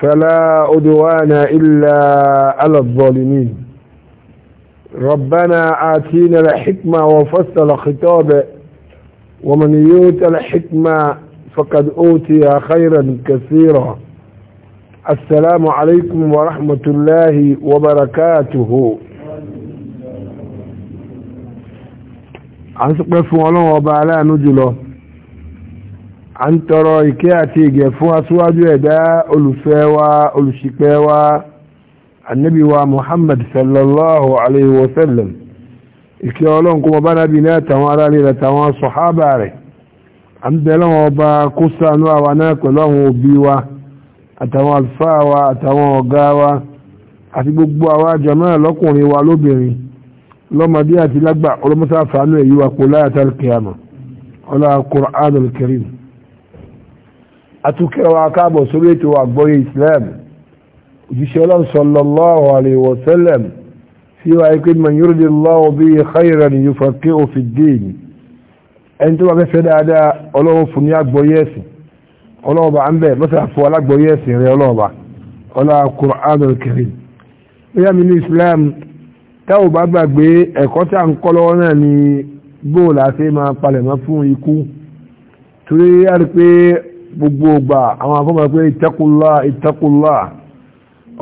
فلا أدوان إلا على الظالمين ربنا آتينا الحكمة وفصل خطابه ومن يوت الحكمة فقد أوتي خيرا كثيرا السلام عليكم ورحمة الله وبركاته عن سقف ولو وبعلا نجله a ń tọrọ ìkẹ́ àti ìgẹ̀ fún aṣíwájú ẹ̀dá olùfẹ́ wa olùṣìpẹ̀ wa annabi wa muhammad sallallahu alaihi wasallam ìkẹ́ ọlọ́run kó mọ bá nábi ní àtàwọn ará rí àtàwọn sọ̀hábà rẹ̀ a ń bẹ̀rẹ̀ wọn ọba kó sànú àwa náà pẹ̀lú àwọn òbí wa àtàwọn àlùfáà wa àtàwọn ọ̀gá wa àti gbogbo àwa jàmáà lọ́kùnrin wa lóbìnrin lọ́mọdé àti lágbà ọlọ́mọsáfàánú èyí wa kò láyàtà kìámà ọlá atukẹwà káàbọ̀ sórí ètò àgbọ́yé islam òjíṣẹ́ ọlọ́run sallallahu alayhi wa sallam sí wa ikú man yuridillahu bihi khayran yufaqihu fid din ẹni tó wà fẹ́ fẹ́ dáadáa ọlọ́run fún ní àgbọ́yé ẹ̀sìn ọlọ́ọ̀bà ń bẹ̀ mọ́sà fún alágbọ́yé ẹ̀sìn rẹ ọlọ́ọ̀bà ọlá Qur'anul Karim bóyá mi ní islam gbogbo ọgbà àwọn afọ́mà pé ìtẹ́kùnlá ìtẹ́kùnlá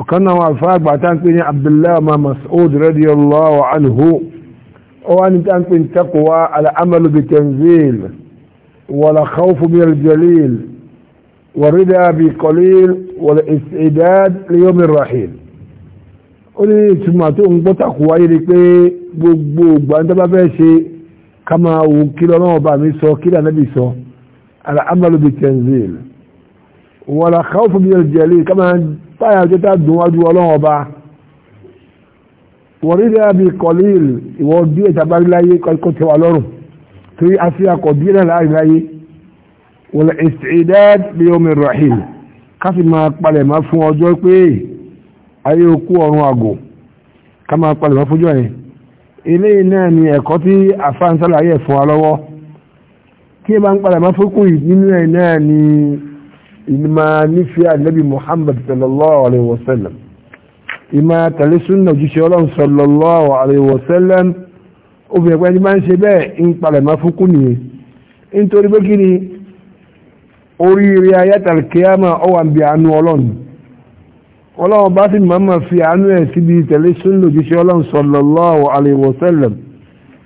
ọ̀kan náà wà fà àgbà tá ń pè ní abdullahi ma mas'ud radiyallahu anhu ó wá ní tá ń pè ní taqwa al'amalu bi tanzil wala khawfu min jalil wa rida bi qalil wala istidad li yawm ó ní ìtumọ̀ tó ń gbọ́ yìí pé gbogbo ọgbà ń tọ́ bá ṣe ká máa wò kí lọ́nà ọba sọ kí lànà bí sọ العمل بالتنزيل ولا خوف من الجليل كما طايا جتا دون وجه ولون وبا وريدا بقليل ودي تبارك لا يكون ولون في اسيا قدير لا لا والاستعداد ليوم الرحيل كافي ما قبل ما فون اوجو بي ayé okú ọ̀run àgò ká máa palẹ̀mọ́ fójú ẹ̀yìn eléyìí náà ni ẹ̀kọ́ tí àfáàǹsálà ayé ẹ̀fún wa kí ẹ máa ń padà máa fókù yìí nínú ẹ̀ náà ni ìmọ̀ nífẹ̀ẹ́ ànábì muhammad sallallahu alayhi wa sallam ìmọ̀ tàlẹ́ súnà òjíṣẹ́ ọlọ́run sallallahu alayhi wa sallam obìnrin pẹ́ni máa ń ṣe bẹ́ẹ̀ ń padà máa fókù nìyẹn nítorí pé kí ni oríire ayátàlkíyàmà ọwà ń bí àánú ọlọ́run ọlọ́run bá sì máa fi àánú ẹ̀ síbi tẹ̀lé súnlò jíṣẹ́ ọlọ́run sallallahu alayhi wa sallam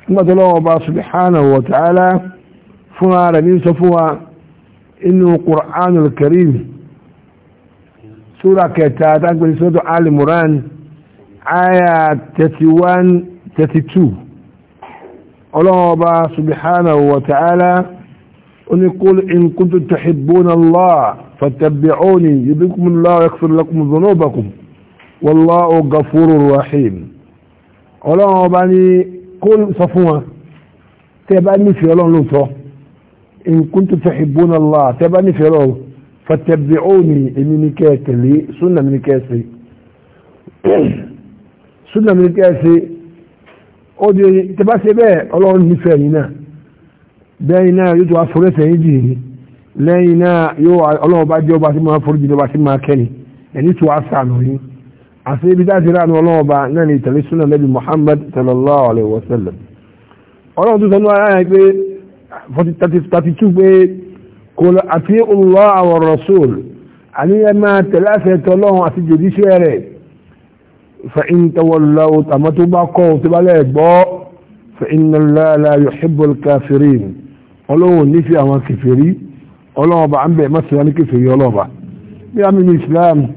nígbàtí ọlọ́run bá subhanahu wa ta'ala fún ara ní sọ fún wa inú Qur'anul Karim súra kẹta tágbẹ̀rẹ̀ sọ́tọ̀ alimuran aya 31-32 ọlọ́wọ́ba subhanahu wa ta'ala oni qul in kuntum tuhibbuna Allah fattabi'uni yubikumullahu yaghfir lakum dhunubakum wallahu ghafurur rahim ọlọ́wọ́ba ni kó sọ fún wa tẹ́ bá nífẹ̀ẹ́ ọlọ́run إن كنتم تحبون الله تبعني في الله فاتبعوني إني كاتلي سنة من كاسي سنة من كاسي أودي تباسي بيه الله نفعلنا بينا يدعى فرصة يجيه لينا يو الله بعد يو باسي ما فرجي باسي ما كني يعني تو عسانه عسي بداتي رأنا الله بعد ناني تلي سنة نبي محمد صلى الله عليه وسلم الله تسألوا على آيه 32 pé kò àti Allah wa rasul àníyàn máa tẹ̀lé àṣẹ tọ́lọ́run àti jòdíṣẹ́ rẹ̀ fa'in tawallaw tàmà tó bá kọ́ tó bá lẹ́gbọ́ fa'in lọ́la yuhibbul kafirin ọlọ́run ní fi àwọn kèfèrí ọlọ́run bá ń bẹ̀ mọ́sílá ní kèfèrí ọlọ́ba ní àmì ní islam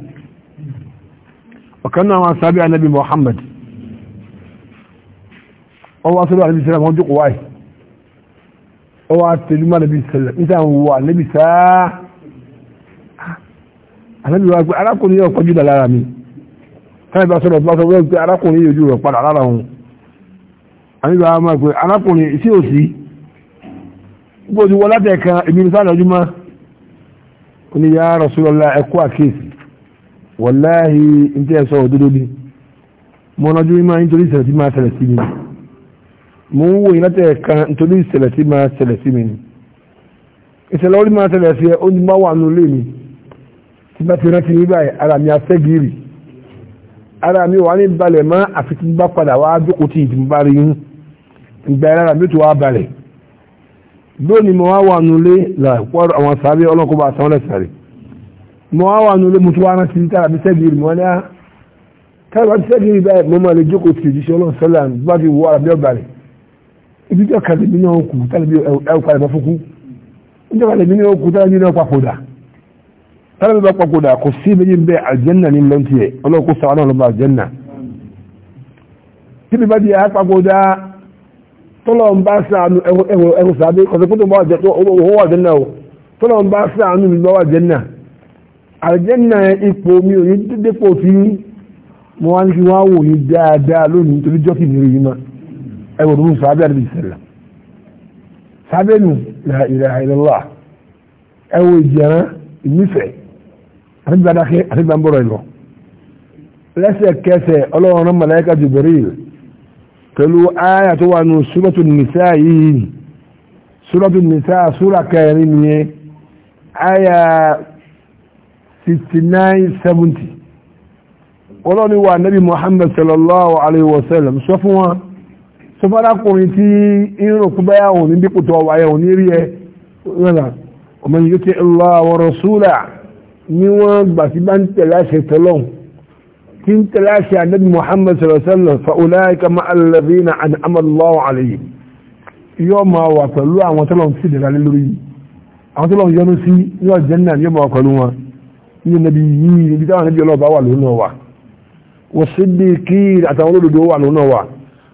ọ̀kan náà wọn sábẹ́ anabi muhammad ọwọ́ sọ́dọ̀ àti islam wọn jókòó wáyìí ó wá tẹjúmọ́ ànábì sẹlẹ̀ níta ń wo ànábì sáá ànábì wa pé arákùnrin yóò kọjú dà lára mi táyà bá sọ̀rọ̀ bá sọ wọ́n pé arákùnrin yóò ju rẹ̀ padà lára wọn ànábì wa máa pé arákùnrin o si gbogbo ti wọ látẹ̀ kan èmi ní sáà mo ń wòye látẹ̀ kan nítorí ìṣẹ̀lẹ̀ sí máa ṣẹlẹ̀ sí mi ni ìṣẹ̀lẹ̀ orí máa ṣẹlẹ̀ sí ẹ ó ní máa wà nínú ilé mi tí bá ti rántí ní báyìí ara mi afẹ́ gírì ara mi wà ní balẹ̀ mọ́ àfi tí bá padà wá jókòó tí ìdìbò bá rí yín ìgbà ara mi tó wá balẹ̀ lónìí mo wá wà nínú ilé làpọ̀ àwọn sábẹ́ ọlọ́kọ́ bá sanwó lẹ́sàrẹ́ mo wá wà nínú ilé mo tún wá rántí tára mi sẹ́gìrì mo ní á ah, tára mi sẹ́gìrì báyìí mo máa lè jókòó ìdíjọ́ kan lèmi náà kù tálẹ́bí ẹ̀wùfà ìbọn fúnkú ìdíjọ́ kan lèmi náà kù tálẹ́bí náà papòdà tálẹ́bí bá papòdà kò sí méjì ń bẹ àjẹ́nà ní lọ́ntì ẹ̀ ọlọ́kù sàwọn náà lọ́ba àjẹ́nà tíbi bá di àpapòdà tọ́lọ̀ ń bá sàánú ẹ̀wù sàbí kọ̀sẹ̀ kó tó bá àjẹ́nà o tọ́lọ̀ ń bá sàánú mi bá wà àjẹ́nà àjẹ́nà ipò mi ò ní dídépò tí mo wá ní kí wọ́n á wò ẹwọ dúró sábẹ́ àdìbí sẹ́lẹ̀ sábẹ́ nù la ilaha illallah ẹwọ ìjẹran ìmífẹ́ àdìbí adáké àdìbí àmbọ̀rọ̀ ìlọ lẹ́sẹ̀kẹsẹ̀ ọlọ́run náà màláíkà Jibril pẹ̀lú ayà tó wà nù súrọ́tù nìsá yìí súrọ́tù nìsá súrà kẹrin nìyẹn ayà 6970 ọlọ́run wà nábì Muhammad sallallahu alayhi wa sallam sọ fún wọn sọfọ́dákùnrin tí irúnkú báyà òun ní dípò tó wáyà òun ní rí ẹ rẹ̀lá ọmọ yìí tí ìlọ àwọn rọ̀súlà ní wọ́n gbà sí bá ń tẹ̀lé àṣẹ tọ́lọ́n tí ń tẹ̀lé àṣẹ ànábì Muhammad sọ̀rọ̀sọ́lọ̀ fa'ulaika ma'allazina an'ama Allahu alayhim yóò máa wà pẹ̀lú àwọn tọ́lọ́n sí ìdẹ̀ra lórí àwọn tọ́lọ́n yọnu sí ní aljanna yóò máa pẹ̀lú wọn ní nàbí yìí níbi táwọn nàbí ọlọ́ọ̀bá wà lónà wà wọ́n sì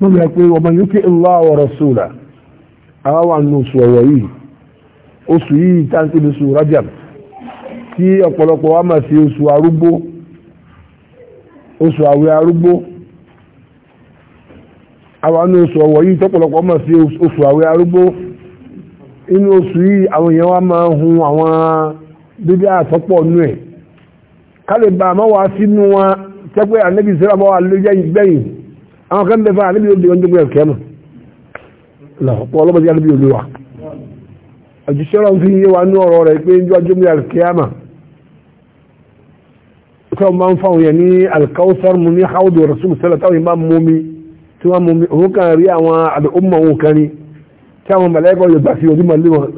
wọ́n bí i pé ọmọ yókè Allah wa rasula àwọn wà nínú oṣù yìí oṣù yìí Rajab tí ọ̀pọ̀lọpọ̀ wa mà sí oṣù arúgbó oṣù àwẹ̀ arúgbó àwọn nínú oṣù ọ̀wọ̀ yìí tọ́pọ̀lọpọ̀ mà sí oṣù àwẹ̀ arúgbó inú oṣù yìí àwọn èèyàn wa máa hun àwọn bíbí àtọ́pọ̀ ẹ̀ sínú wa tẹ́pẹ́ ànẹ́bí sẹ́lá máa wà lójẹ́ ìgbẹ́yìn àwọn kan bẹ̀fà níbi olè wọn jẹ́gbẹ̀rẹ̀ kẹ́mù lọ́pọ̀ ọlọ́pàá níbi olè wa àjíṣẹ́rọ̀ fi yé wa ní ọ̀rọ̀ rẹ̀ pé jọ jẹ́gbẹ̀rẹ̀ kẹ́mà kọ́ máa ń fáwọn yẹn ní alkausar mu ní haudu rasul sẹ́lẹ̀ táwọn ìmá mumi tí wọ́n mumi òun kan rí àwọn àdùnmọ̀ òun kan ní tí àwọn mọ̀lẹ́kọ̀ yóò gbà sí ojú màlé wọn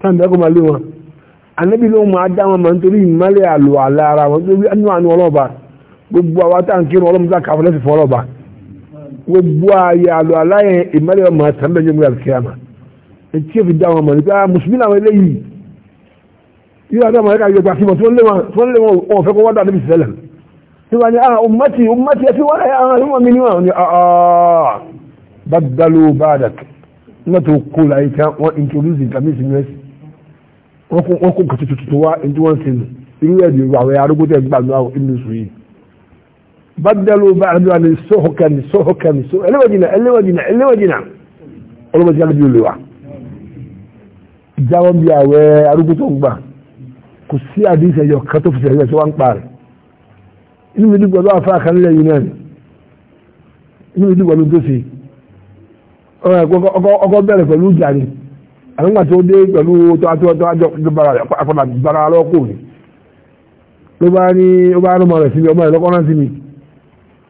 táwọn mọ̀lẹ́kọ̀ màlé wọn anábì ló máa dá wọn mọ̀ nítorí ìmọ̀lẹ́ àlọ́ àlá ara wọn nítorí ẹnu àánú ọlọ́ọ̀ba gbogbo àwọn táwọn kírun ọlọ́mọdé àkàfọ́ lẹ́sìn fọ́ gbogbo ààyè àlọ́ aláyẹ ìmọ̀lẹ́ ọmọ àtàmbẹ̀ ní ọmọdé àkíyàmà etí èfi dá wọn mọ̀ nípa ah, mùsùlùmí làwọn eléyìí yíyá àti ọmọ ẹ̀ka ìjọba àfihàn tí wọ́n lé wọn tí wọ́n lé wọn wọn fẹ́ kó wọ́dọ̀ àdébí sẹ́lẹ̀ tí wọ́n ní ah ummati ummati ẹ fi ah, wọ́n ẹ̀ àwọn ẹ̀rọ mi níwọ̀n ni ah, ah badalu badak nígbà tó kó láyé tán wọ́n introduce the gamis in us wọ́n kó kàtútù tó wá ẹni tí wọ́n ń irú ẹ̀ بدلوا بعدها للسهكا سهكا اللي وجنا اللي وجنا اللي وجنا اللي وجنا اللي وجنا jáwọ́ bí àwẹ̀ arúgbó tó ń gbà kò sí àdéhùn ẹ̀yọ kan tó fìṣẹ̀ ẹ̀yọ tó wá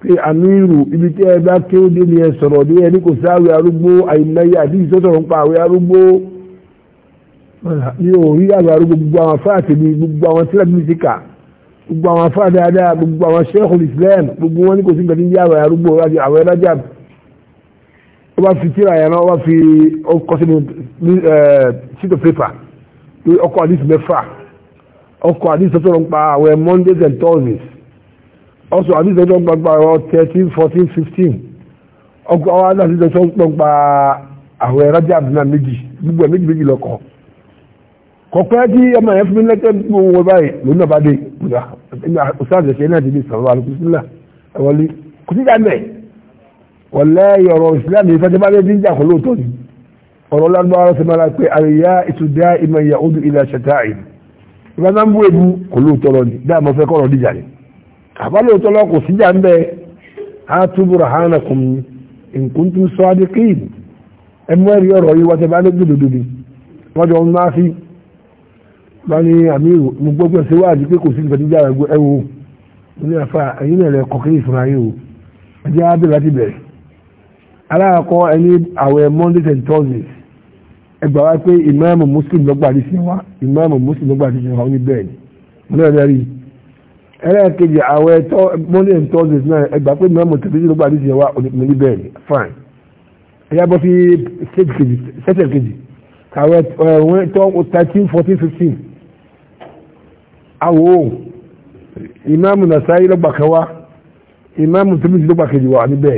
pé amiru ibi tí ẹ bá ké ó dé ni ẹ sọ̀rọ̀ ní ẹni kò sáwé arúgbó àìmọye àti ìsọ́sọ̀rọ̀ ń pa àwé arúgbó ní òrí àwé arúgbó gbogbo àwọn afáàtì mi gbogbo àwọn sílẹ̀ mi ti gbogbo àwọn afáà dáadáa gbogbo àwọn sẹ́kùn Islam gbogbo wọn ní kò sí nǹkan tí ń yá àwé arúgbó láti àwé rájà ó bá fi tíra yẹn náà ó bá fi ọkọ sínú sheet of paper ọkọ̀ àdìsí mẹ́fà ọkọ̀ àdìsí sọ́sọ̀rọ̀ Mondays and Thursdays ọsọ àbíjọjọ gbagba ọ 13 14 15 ọkọ àwọn aláàbíjọjọ gbagba àwọn ẹ̀rọ jẹ́ àbúrò méjì gbogbo ẹ̀ méjì méjì lọ́kọ̀ kọ̀pẹ́ tí ọmọ ẹ̀ fún mi lẹ́kẹ́ gbogbo wọn báyìí lónìí náà bá dé ọ̀sáàjẹ̀ ṣe náà ti di sọ̀rọ̀ àlùkùsílà ẹ̀wọ̀lì kò sí dàmẹ̀ wọ̀lẹ́ ọ̀rọ̀ ìsìlámù ìfẹ́jẹ́ bá dé ní ìjà kọló tó ní ọ̀rọ̀ lágbára ṣe máa pé àríyá ìtúdá ìmọ̀ ìyà ó dùn ilẹ̀ ṣẹ̀tà ìlú ìbá náà ń bú ebu kọló tọrọ ní dáàmọ́ fẹ́ kọ́rọ̀ díjà ni àbálòótọ́ lọ kò síjà ń bẹ atu burhanakum in kuntum sadiqin ẹmú ẹ̀rí ọ̀rọ̀ yìí wọ́n ti bá lójú dodo ni wọ́n jọ ń máa fi bá ní àmírù mo gbọ́ pé síwájú pé kò sí ìfẹ̀tíjà ẹ wo mo ní àfa ẹ̀yìn náà lẹ kọ̀kiri ìfúnra yìí o ẹjẹ́ abẹ́ láti bẹ̀rẹ̀ aláàkọ́ ẹni àwẹ̀ mondays and thursdays ẹgbà wá pé ìmáàmù muslim lọ́gbàdì sí wa ìmáàmù muslim lọ́gbàdì sí wa ó ní bẹ́ẹ̀ ni mo náà rẹ́rìí ẹlẹ́ẹ̀kejì àwọ̀ ẹ̀tọ́ monday and thursday náà ẹgbà pé mẹ́mọ̀ tẹ̀lé ló gbà ni fine ẹ̀yà bọ́ sí stage kejì session kejì kàwé ẹ̀wọ̀n thirteen fourteen fifteen àwọ̀ ìmáàmù Nasa'i ló kan wá ìmáàmù tẹ̀lé ló kejì wa òní ni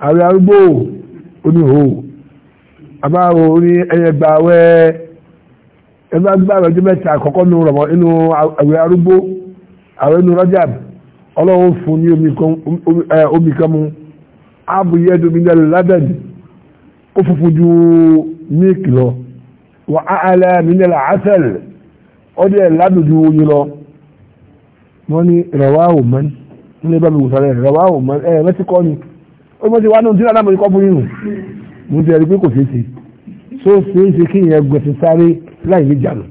àwẹ̀ arúgbó oníhò àbáwò oní ẹ̀yẹ̀gbà wẹ́ ẹ̀ bá gbà àwọn ẹnu rajab ọlọ́run fún ní omi kan eh, mu abuyẹ́dù minal laban ó fufu ju milk lọ wà á alẹ́ minal asal ọdẹ ládùn ju oyin lọ wọ́n ní rẹwà òmán ní ẹbá mi wò sáré rẹwà òmán ẹ mẹ́tí kọ́ ni ó mọ̀ sí wà náà tí wọ́n dáná kọ́ fún mo ti ẹ̀rí pé kò ṣeé ṣe so ṣeé ṣe kí ìyẹn gbẹ̀sẹ̀ sáré láì ní jànú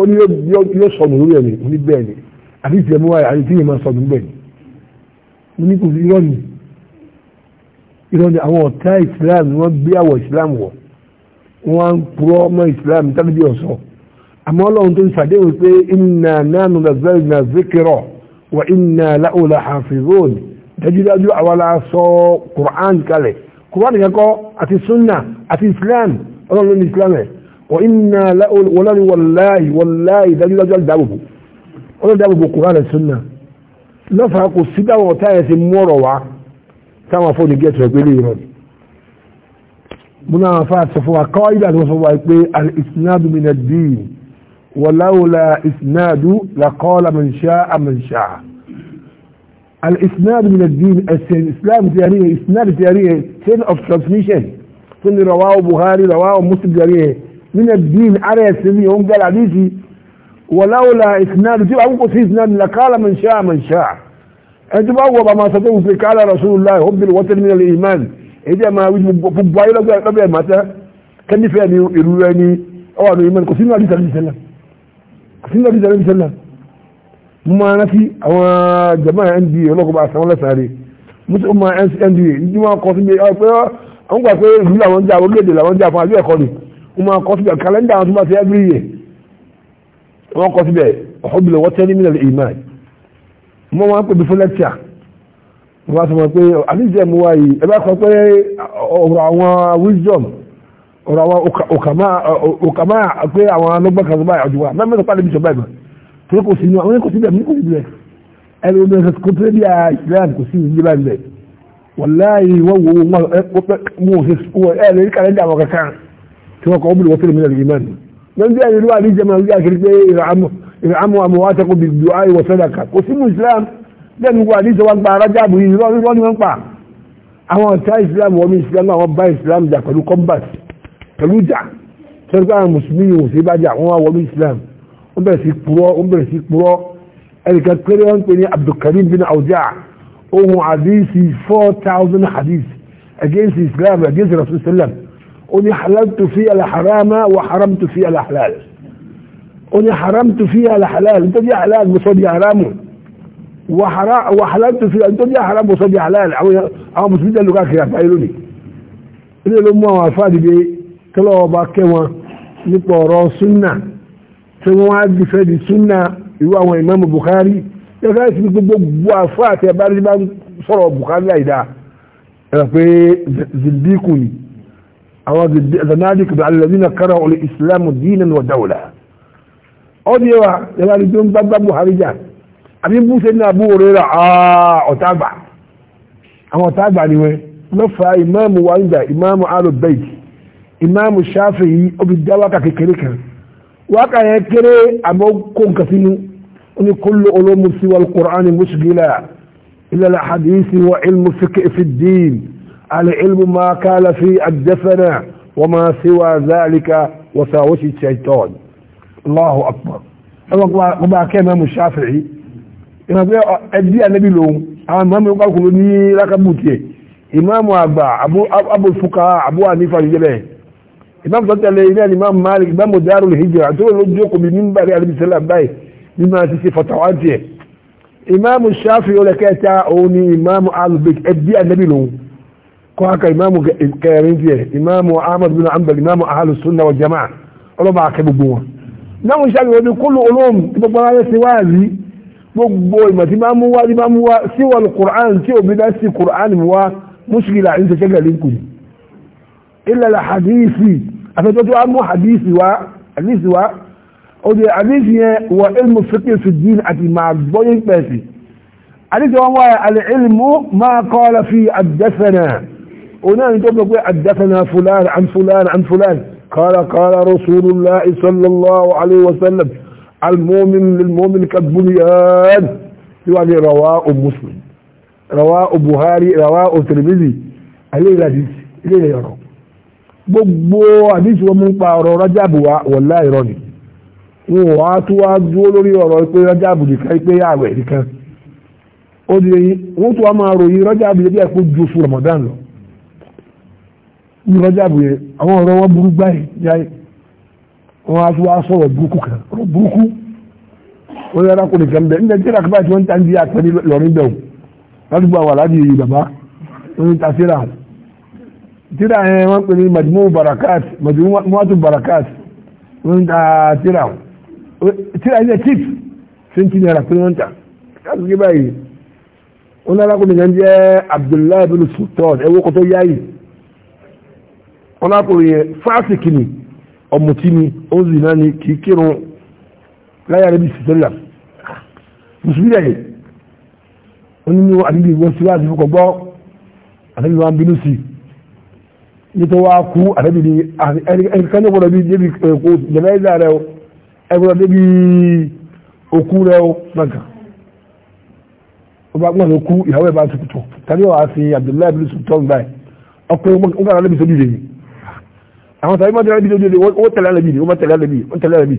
ó ní yóò sọnù lórí ẹ̀mí ní bẹ́ẹ̀ ni àti ìtìlẹ̀ mú wáyà àti ìtìlẹ̀ máa sọnù bẹ́ẹ̀ ni mo ní kò sí irọ́ ni irọ́ ni àwọn ọ̀tá Islam ni wọ́n gbé àwọ̀ Islam wọ̀ wọ́n á ń purọ́ ọmọ Islam tábìlì ọ̀sọ́ àmọ́ ọlọ́run tó ń sàdéhùn pé inna nánú làzẹ́rì náà zikirọ̀ wà inna láòlà hafizun dájúdájú àwa la sọ Quran kalẹ̀ Quran yẹn àti sunna àti Islam ọlọ́run ní Islam ẹ̀ wa inna wọlọ́ni wọláyì wọláyì dájúdájú àdábòbò wọ́n dábòbò kùrán rẹ̀ súnà lọ́fàá kò sí dáwọn ọ̀tá yẹn ti mú ọ̀rọ̀ wá táwọn afọ́ ní gẹ̀ẹ́tù ẹgbẹ́ lè rọ̀ múná àwọn afá sọ fún wa kọ́ ìdá tó sọ wá pé al-isnadu min ad-din wọláwọlá isnadu laqala man sha'a man sha'a al-isnadu min ad-din islam ti yàrí isnadu ti yàrí chain of transmission tó ní rawahu buhari rawahu muslim ti yàrí nínú dín ara ẹ̀sìn ní òun gbára àdíjì wọ̀láwọ̀lá ìsináàdù tí wọ́n kò sí ìsináàdù làkàlà mẹ́ṣà mẹ́ṣà ẹni tó bá wọ̀ bá máa sọ pé wùfẹ́ kààlà rasulullah obìnrin wọ́n tẹ́lẹ̀ nílẹ̀ iman èdè máa wí gbogbo ayé lọ́gbẹ̀ mata kẹ́ndífẹ́ ni ìlú rẹ ni ọwà ní iman kò sínú àdíjà ní sẹ́lá kò sínú àdíjà ní sẹ́lá mo máa rántí àwọn jama nba ọlọ́kọ̀ọ́bà àsàwọn lẹ́sàárẹ̀ mo ti ọmọ nba ìdí gbà pé ìlú làwọn jà orílẹ̀-èdè làwọn jà fún àbí ẹ̀kọ́ ni wọ́n máa kọ́ síbẹ̀ kàlẹ́ndà àwọn tó bá ti every year wọ́n kọ́ síbẹ̀ ọ̀húnbìlẹ̀ wọ́n tẹ́ ní mílíọ̀nù ìmáì wọ́n máa ń pè mí fún lẹ́kṣà wọ́n bá sọ wọn pé àlejò mu wáyé ẹ bá kọ́ pé ọ̀rọ̀ àwọn wisdom ọ̀rọ̀ àwọn òkàmá pé àwọn alọ́gbọ́n kan báyìí ọ̀dùnwá mẹ́mẹ́ta pàdé bíṣọ̀ báyìí torí kò sí inú àwọn kò sí bẹ́ẹ̀ kò sí bẹ́ẹ̀ ẹni omi ẹ̀sẹ̀ kò tẹ́lẹ̀ bí i Islam kò sí ìdí báyìí bẹ́ẹ̀ wọ́n láàyè wọ́n wo wọn ẹ̀ lórí kàlẹ́ndà àwọn kankan tí wọ́n kọ́ ọ́bùn wọ́n fẹ́rẹ̀ mílíọ̀nù ìmán lọ́n bí àyẹ̀lú àdíjẹ́ máa ń gbé àkiri pé ìràmù àmúwátẹ́kù bí ju àyè wọ̀ sàdákà kò sí muslim lẹ́nu wo àdíjẹ́ wọn gba arájáàbù yìí lọ́wọ́ ni wọ́n pa àwọn ọ̀tá islam wọ́n mi islam àwọn bá islam jà pẹ̀lú combat pẹ̀lú jà sọ́dọ̀ àwọn mùsùlùmí yìí wò sí bá jà wọ́n wọ́n islam wọ́n bẹ̀rẹ̀ sí purọ́ wọ́n bẹ̀rẹ̀ sí purọ́ ẹnìkan péré wọ́n pè ní abdulkarim bin awja ohun hadith four thousand hadith against islam against rasulullah أني حللت فيها الحرام وحرمت فيها الحلال أني حرمت فيها الحلال أنت دي حلال مصدي حرام وحللت فيها أنت دي حرام مصدي حلال أو مسلمين اللي قاك يفعلوني إلي لما وفادي بي تلو باكوا نطورو سنة تمواد بفادي سنة يواهو إمام بخاري يغاية بقبوا وفاتي بارج بان صروا بخاري لا إذا pé zindikuni àwọn zanadiq bí alẹ́dínà kára olè islamu dínan wa dáwọlá ó di wa yàrá rí tó ń gbágbá buhari jà àbí búṣe ní abúrò rẹ̀ ah, rà ọ̀tàgbà àwọn ọ̀tàgbà ni wọ́n lọ́fà ìmáàmù wáńjà ìmáàmù alubait ìmáàmù shafi'i obi já wákà kékeré kan wákà yẹn kéré àmọ́ kó nǹkan sínú ó ní kó lo olómùsí wal qur'ani mushgila wa ilmu fiqh fi ddin العلم ما قال في الدفن وما سوى ذلك وساوس الشيطان الله أكبر ọba akẹ́mẹ́ mú ṣáfẹ̀ẹ́ ìrànfẹ́ ẹ̀dí ànẹ́bí lòun àwọn ìmọ̀mù ọkọ̀kùnrin ní lákàbùtì ẹ̀ ìmọ̀mù àgbà abúfúkà Abu Hanifa ìjẹ́bẹ̀ ìmọ̀mù tó tẹ̀lé ilé ni Imam Malik ìmọ̀mù Darul Hijra tó ló jókòó bí mímbàrí alibisẹ́lá báyìí nínú àti ṣe fọ̀tàwátì ẹ̀ ìmọ̀mù ṣáfẹ̀ẹ́ olẹ́kẹ́ta òun ni ìmọ̀mù alubek ẹ̀dí ànẹ́bí lòun كواك إمام كيرين فيه إمام أحمد بن عمبل إمام أهل السنة والجماعة ولو معك بقوة náà ń ṣàlùwẹ̀ ní kúlù olóhùn tí gbogbo ara ti wá rí gbogbo ìmọ̀ tí máa mú wá tí máa mú wá sí wọn kùrán tí òbí dá sí kùrán mú wá mùsùlùmí ń ṣẹṣẹ́ gẹ̀lẹ́ kù ilẹ̀ hadisi afẹ́tọ́ tí wàá mú hadisi wá hadisi wá ó di hadisi yẹn wọ ilmu fi dín àti máa gbọ́yé pẹ̀sì hadisi wọn wá alẹ́ ilmu máa qala fi onáà ní tó gbogbo àdáfẹ́nà fúlàn àn fúlàn àn قال kọ́ra kọ́ra rasulullah sallallahu alaihi wasallam almomin lilmomin kadbuniyan tí wà ní rawa o muslim rawa o buhari rawa o tirmidhi ilé ìrọ̀ gbogbo àdísì wọn mú pa ọ̀rọ̀ rajabu wa wọ̀lá ìrọ̀ ni wọn wá tó wá dúró lórí ọ̀rọ̀ pé rajabu nìkan pé àwẹ̀ nìkan ó di wọ́n tó wá máa ròyìn rajabu yẹ bí ẹ̀kọ́ ju fún ramadan lọ ìrọ̀jà bìrẹ̀ àwọn ọ̀rọ̀ wọn burú gbáyé jáyé wọn á tún wá sọ̀rọ̀ burúkú kan ọ̀rọ̀ burúkú wọn yára kò nìkan bẹ́ẹ̀ nígbà jẹ́rà kí báyìí tí wọ́n ń ta ní àpẹ́ ní lọ́rin bẹ̀rù ládùúgbò àwọn aláàbí yìí bàbá wọn ń ta síra síra yẹn wọ́n pè ní màdìmọ́ barakat màdìmọ́ mọ́tò barakat wọ́n ń ta síra síra yẹn tíìpù sẹ́ńtì náírà pé wọ́n ta káàkiri báyìí wọn yára kò nìkan jẹ́ Abdullahi bin Sultan ẹ̀wọ́ kọ́tọ́ yáyìí ọlákùnrin yẹn fásitì ni ọmọtí ni ozi náà ni kì í kírun láyé àrẹ́bí sísẹ́lá mùsùlùmí rẹ̀ onínú àdébí wọn sí wáàsí fúkọ̀ gbọ́ àdébí wọn bínú sí nítorí wá kú àdébí ni ẹnìkan yóò gbọdọ̀ bí débi kò jẹ̀lẹ́dà rẹ̀ o ẹgbọdọ̀ débi òkú rẹ̀ o nàkà ó bá gbọ́dọ̀ kú ìyàwó ẹ̀ bá ti kú tó tàbí wàá fi Abdullahi bin Sultan báyìí ọkùnrin ó gbàdọ̀ àdébí sójú rẹ̀ yìí àwọn sàbí mọ́tò ẹbí lójú ó tẹ̀lé àlẹ́bí ó tẹ̀lé àlẹ́bí ó tẹ̀lé àlẹ́bí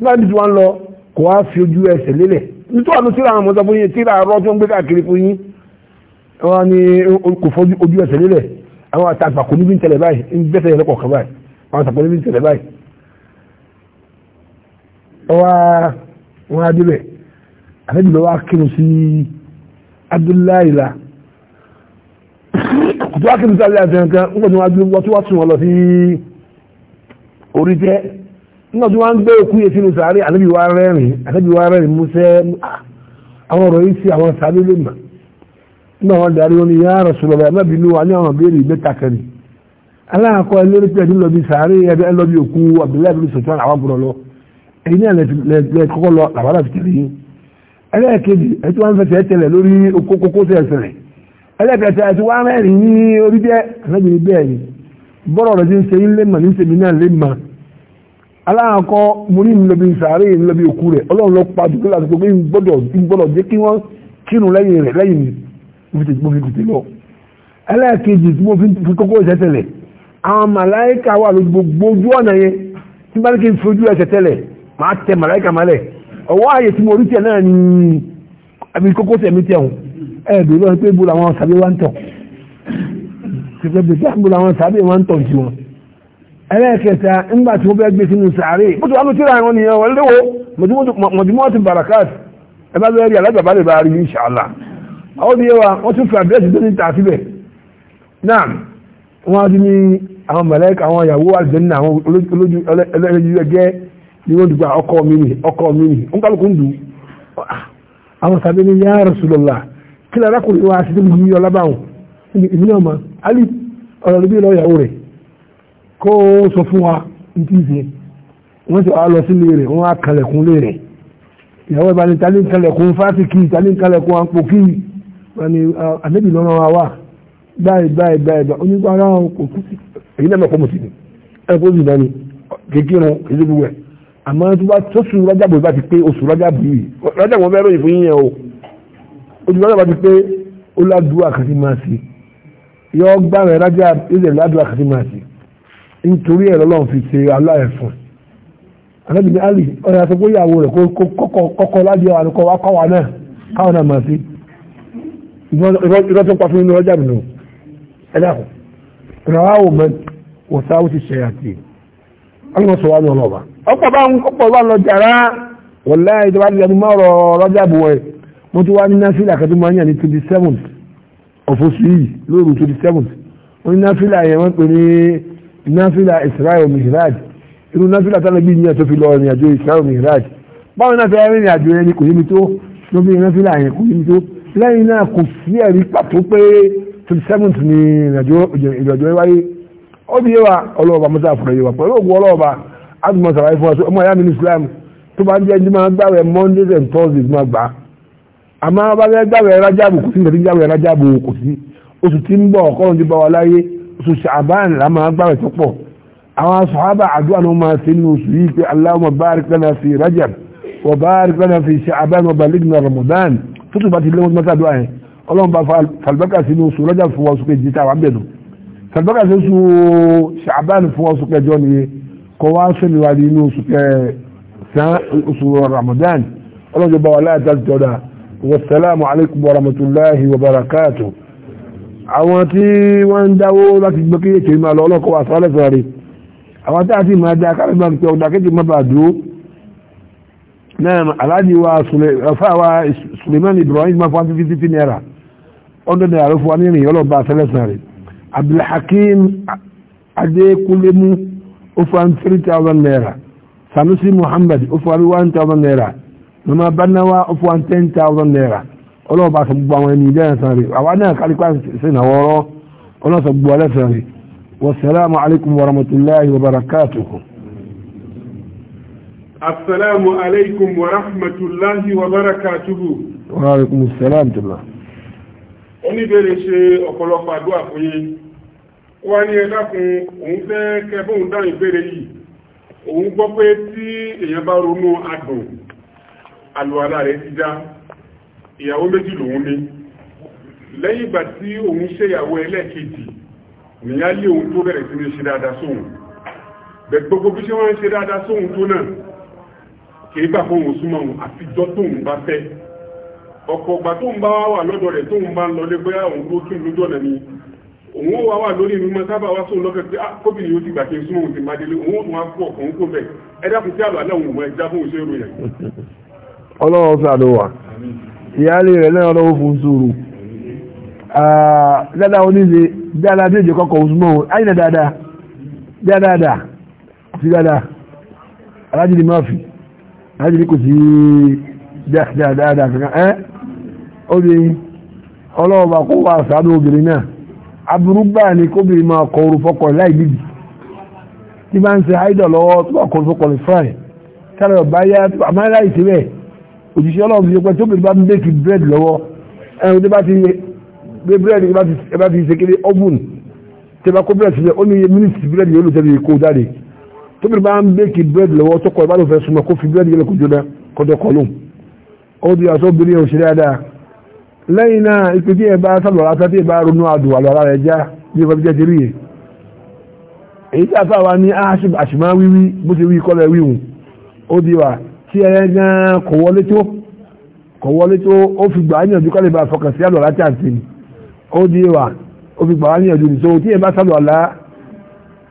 nígbà tí wọ́n lọ kò wá fi ojú ẹsẹ̀ lélẹ̀ nítorí àwọn tíra àwọn mọ̀tò fún yín tíra àárọ̀ tó ń gbé káàkiri fún yín wọn ni kò fọ ojú ẹsẹ̀ lélẹ̀ àwọn àtàgbà kò níbi ń tẹ̀lé báyìí ń bẹ́sẹ̀ yẹn lọ́kọ̀ọ̀kan báyìí àwọn àtàgbà níbi ń tẹ̀lé báyìí wọ́n á débẹ̀ àlejò lọ́wọ́ akínú sí orí tẹ́ nígbà tí wọ́n ń gbé òkú yẹn sínú sàárè ànábì wa rẹ́rìn ànábì wa rẹ́rìn músẹ́ ah, àwọn ọ̀rọ̀ yìí sí àwọn sàárè lè mà nígbà wọn darí wọn ni yá Rasulullah má bínú wa ní àwọn béèrè mẹ́ta kẹrin aláàkọ́ ẹlẹ́rìí pẹ̀lú lọ́bi sàárè ẹgbẹ́ ẹlọ́bi òkú Abdullahi bin Sultan àwọn àbúrò lọ èyí náà lẹ kọ́kọ́ lọ làwọn àfi tẹ̀lé yín ẹlẹ́ẹ̀kejì ẹtí wọn bọ́rọ̀ rẹ̀ ti ń ṣe yín lẹ́mà ní sèmi náà lẹ́mà aláàkọ́ mo ní ìlọbi sàárè ìlọbi òkú rẹ̀ ọlọ́run lọ pa àdúgbò láti pé ń gbọ́dọ̀ ń gbọ́dọ̀ jẹ́ kí wọ́n kírun lẹ́yìn rẹ̀ lẹ́yìn mi mo fi tètè lọ ẹlẹ́ẹ̀kejì tí mo fi kókó ẹsẹ̀ tẹ̀lẹ̀ àwọn màláìka wà lójú gbogbo ojú ọ̀nà yẹn tí bá ní kí n fojú ẹsẹ̀ tẹ̀lẹ̀ máa tẹ màláìka mọ́lẹ̀ ọwọ́ àyè tí mo rí tẹ̀ náà ni àbí kókó tẹ̀ mi tẹ̀ hùn ẹ̀ẹ́dùn lọ́wọ́ pé bó làwọn sàbí wa ń tọ̀ ti fẹ́ bèèrè àgbò làwọn sàárè wọn ń tọ̀ wọn ẹlẹ́ẹ̀kẹta ńgbà wọ́n fẹ́ gbé sínú sàárè bó ti tíra àwọn nìyẹn wọ́n léwo mọ̀júmọ́ barakat ẹ bá lè bá rí inṣàlá àwọn òbí ni wọ́n dùgbà ọkọ mi nì ọkọ mi nì ń kálukú ń dùn àwọn alì ọ̀rọ̀ lóbi lọ ìyàwó rẹ̀ kó sọ fún wa ní tí ìṣe wọ́n sì wá lọ sílé rẹ̀ wọ́n á kalẹ̀kùn lé rẹ̀ ìyàwó ìbá ní tàlí kalẹ̀kùn fásitì tàlí kalẹ̀kùn àpòkì ní àdébì lọ́nà wa wà báyìí báyìí báyìí onígbà ara kò kú sí èyí náà mọ̀kọ́ mọ̀sí ẹ̀kọ́ sì dání kékeré èdè gbogbo yọ gbà rẹ̀ rájà ìdè ládùá kìtìmáàtì nítorí ẹ̀rọ lọ́n fi ṣe aláẹ̀ fún anábì ní ali ọ̀rẹ́ àti pé ìyàwó rẹ̀ kọ́kọ́ ládìá wà lóko wákọ́ wa náà káwọn náà máa sí ìrọ́ tó pa fún inú ọjà mi nù ẹ̀dá kù ìrànwá wò mẹ́ wò sáwó ti ṣe àti ọlọ́mọsọ wa ní ọlọ́ba ọ̀pọ̀ bá ń kọ́pọ̀ bá lọ jàrá wọ̀lẹ́ ìjọba ìjọba ìjọba ìjọba ìjọba ìjọba ìjọba ìjọba ìjọba ìjọba ọ̀fọ̀sù yìí lóru twenty seventh wọ́n ní náfìlà yẹn wọ́n pè ní náfìlà israel mihraj irú náfìlà tálẹ̀ bí yíyan tó fi lọ ìrìn àjò israel mihraj báwọn náà fẹ́ rìnrìn àjò yẹn ni kò yé mi tó ló fi náfìlà yẹn kò yé mi tó lẹ́yìn náà kò sí ẹ̀rí pàtó pé twenty seventh ni ìrìn àjò yẹn wáyé ó bí yé wa ọlọ́ọ̀bà mọ́tà àfọ̀rọ̀ yé wa pẹ̀lú ògùn ọlọ́ọ̀bà adùnmọ̀ sàlàyé ọmọ ìyá mi ní islam tó bá ń jẹ́ ẹni máa gbàwẹ̀ mondays and thursdays máa gbà á àmọ́ abáfẹ́ gbàwẹ̀ rájàbù kò sí nígbà tí gbàwẹ̀ rájàbù kò sí oṣù tí ń bọ̀ ọkọ̀run ti bá wa láyé oṣù ṣàbáàn la máa gbàwẹ̀ tó pọ̀ àwọn sọ̀hábà àdúrà ló máa ṣe nínú oṣù yìí pé Allahumma barik lana fi rájàb wa barik lana fi ṣàbáàn wa balighna Ramadan tó tún bá ti léwọ́n mọ́tà dúrà yẹn ọlọ́run bá fàlùbákà sínú oṣù rájàb fún wa oṣù wasalaamu alaikum wa rahmatulahi wa barakatu àwọn tí wọ́n ń dáwó láti gbé kí ètò ìmọ̀ ọlọ́kọ̀ wà sọ́lẹ̀ sọ́rí àwọn tí a ti máa dá kárìbá pé ọ̀dà kéjì má bàa dúró náà aláàjì wa fáwa Suleiman Ibrahim máa fún fífi fífi náírà ọdún náírà ló fún wa ní mama banawa ó fún wa ten thousand naira ọlọ́wọ́ bá sọ àwọn ẹni ilé ẹ̀sán rẹ̀ àwa náà kálípà sínú àwọn ọ̀rọ̀ ọlọ́wọ́ sọ gbogbo wasalaamu alaykum wa rahmatulahi wa barakatuhu. asalaamu alaykum wa rahmatulahi wa barakatuhu. wa alaykum salaam tula. oníbẹ̀rẹ̀ ṣe ọ̀pọ̀lọpọ̀ àdúrà fún yín wá ní ẹ̀dá kun òun fẹ́ kẹfún dáhùn ìbéèrè yìí òun gbọ́ pé tí èèyàn bá ronú adùn àlùwàlá rẹ̀ ti dá ìyàwó méjì lòun ní lẹ́yìn ìgbà tí òun ṣe ìyàwó ẹlẹ́ẹ̀kejì nìyá lé òun tó bẹ̀rẹ̀ sí ní ṣe dáadáa sóhun gbogbo bí ṣe wọ́n ń ṣe dáadáa sóhun tó náà kìí gbà fóhun súnmọ́ òun àfijọ́ tóhun bá fẹ́ ọ̀pọ̀ ọgbà tóhun bá wà lọ́dọ̀ rẹ̀ tóhun bá ń lọlé bóyá òun tó kí lójú ọ̀nà ni òun wà wà lórí mímọ́ sábà wá sóhun lọ́fẹ́ pé ah, kóbìnrin yóò ti gbà kí n súnmọ́ òun ti má délé òun ó tún wá kú ọ̀kọ̀ ọlọ́wọ́ fún àdọ́wà rẹ̀ náà ọlọ́wọ́ fún sùúrù dáadáa oníṣe dáadáa tí èjì kọkọ̀ òsùnmọ́ ayìnà dáadáa dáadáa sí dáadáa alájìdí máa fi alájìdí kò sí dáadáa kankan ẹ́ ó di ọlọ́wọ́ bá kó wà obìnrin náà aburú bá ní kóbìnrin máa kọ orú láì bíbí tí bá ń áìdọ̀ lọ́wọ́ tó bá òjìṣẹ́ ọlọ́run yóò pẹ́ tó bẹ̀rẹ̀ bá ń bẹ́ẹ̀kì bread lọ́wọ́ ẹ̀rùn tó bá ti gbé bread ẹ bá ti ṣe kéde oven tẹ bá kó bread sílẹ̀ ó ní iye minutes bread yóò lò tẹ́lẹ̀ kó dáre tó bẹ̀rẹ̀ bá ń bẹ́ẹ̀kì bread lọ́wọ́ tó kọ̀ ẹ bá lọ fẹ́ súnmọ́ kó fi bread yẹn lọ kó jóná kọ́dọ̀ kọ́ lóhùn ó di àṣọ obìnrin òṣèré dáadáa lẹ́yìn náà ipe tí ẹ bá sábà rárá tí ẹ bá ronú àdùn àlọ́ ara rẹ̀ já bí ẹ bá jẹ́ dérí yẹ èyí tí a sábà ní ah, àṣìmáwíwí bó ṣe wí kọ́lẹ̀ wíhùn ó di wà tí ẹ gan kò wọlé tó kò wọlé tó ó fi gbà á níyànjú kọ́lé bá fọkàn sí àlọ́ láti àti ni ó di wà ó fi gbà á níyànjú nìṣó tí ẹ bá sálọ àlá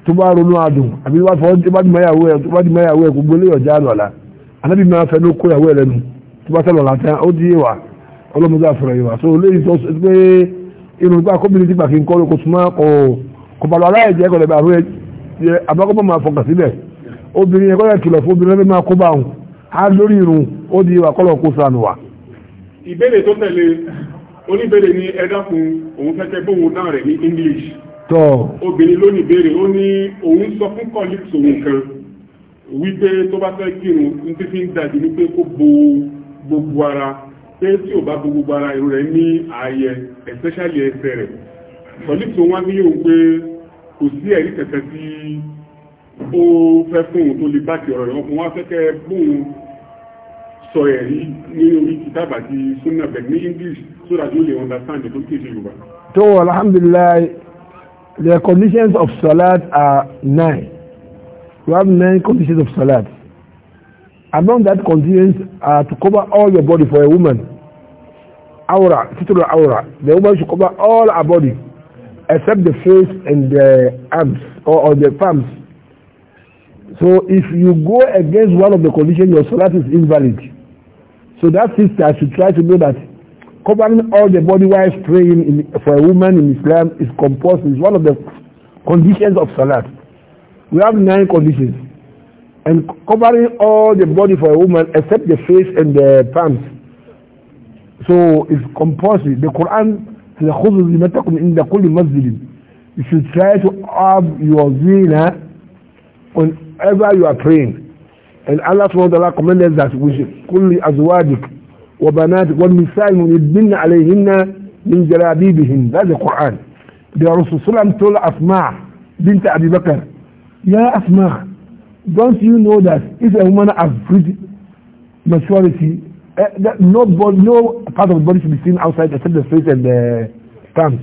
tó bá ronú àdùn àbí wá fọ tó bá di mọ́yàwó ẹ tó bá di mọ́yàwó ẹ gbogbo eléyọ̀ já àlọ́ àlá anábì máa fẹ́ ló kó ìyàwó ẹ lẹ́nu tó bá sálọ àlá ó di wà ọlọ́mọdé àfọ̀rọ̀ yìí wà so léyìí tó pé irun gbà kóbìnrin ti gbà kí n kọ́ ló kó súnmọ́ kò kò bàlọ́ aláìjẹ́ kò lè bàbá àbákọ́ máa fọkàn síbẹ̀ obìnrin yẹn kọ́ kìlọ̀ fún obìnrin lẹ́nu máa kó bá wọn a lórí irun ó di wà kọ́lọ̀ kó sànù wà. ìbéèrè tó tẹ̀lé oníbéèrè ní ẹ̀dàkùn òun fẹ́fẹ́ bóun náà English tọ́ obìnrin ló ní ó ní òun sọ fún colleagues òun kan wípé tó bá fẹ́ kírun ní fi ń ní pé kó bo gbogbo ara especially ẹsẹ̀ rẹ̀ colleagues òun wá kò sí ó fẹ́ fún tó lè báàkì ọ̀rọ̀ rẹ̀ ọkùnrin wá fẹ́kẹ́ bóun sọ ẹ̀rí ní orí kìtàbà ti súnmọ̀ bẹ̀ ní English so that you will understand the complicated Yorùbá. tó alhamdulillah the conditions of salat are nine You have nine conditions of salat among that conditions are to cover all your body for a woman aura titulu aura the woman should cover all her body except the face and the arms or, or the palms So if you go against one of the conditions, your salat is invalid. So that sister should try to know that covering all the body while praying in, for a woman in Islam is compulsory. It's one of the conditions of salat. We have nine conditions. And covering all the body for a woman except the face and the palms. So it's compulsory. The Quran says, خُذُوا زِمَتَكُمْ إِنَّ كُلِّ مَسْجِدٍ You should try to have your zina on wherever you are praying. And Allah subhanahu wa ta'ala commanded that we should kulli azwajik wa banatik wa nisa'i munibinna alayhinna min jalabibihim. That's the Quran. The Rasulullah told Asma bint Abi Bakr, Ya Asma, don't you know that if a woman has reached maturity, uh, that no, no part of the body should be seen outside except the face and the thumbs.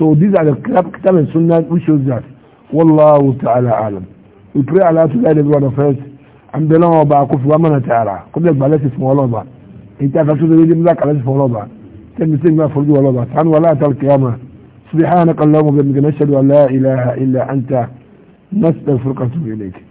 So these are the Kitab and Sunnah which shows that. Wallahu ta'ala alam we pray Allah to guide everyone of us and bẹ̀rẹ̀ wọn ọba kó fi mọ̀nà tààrà kó bẹ̀ gbalẹ̀ fún ọlọ́ba èyí tí a tó lè dé nígbà kalẹ̀ fún ọlọ́ba tẹ́mi sí ìgbà fojú ọlọ́ba sànù wà láàtà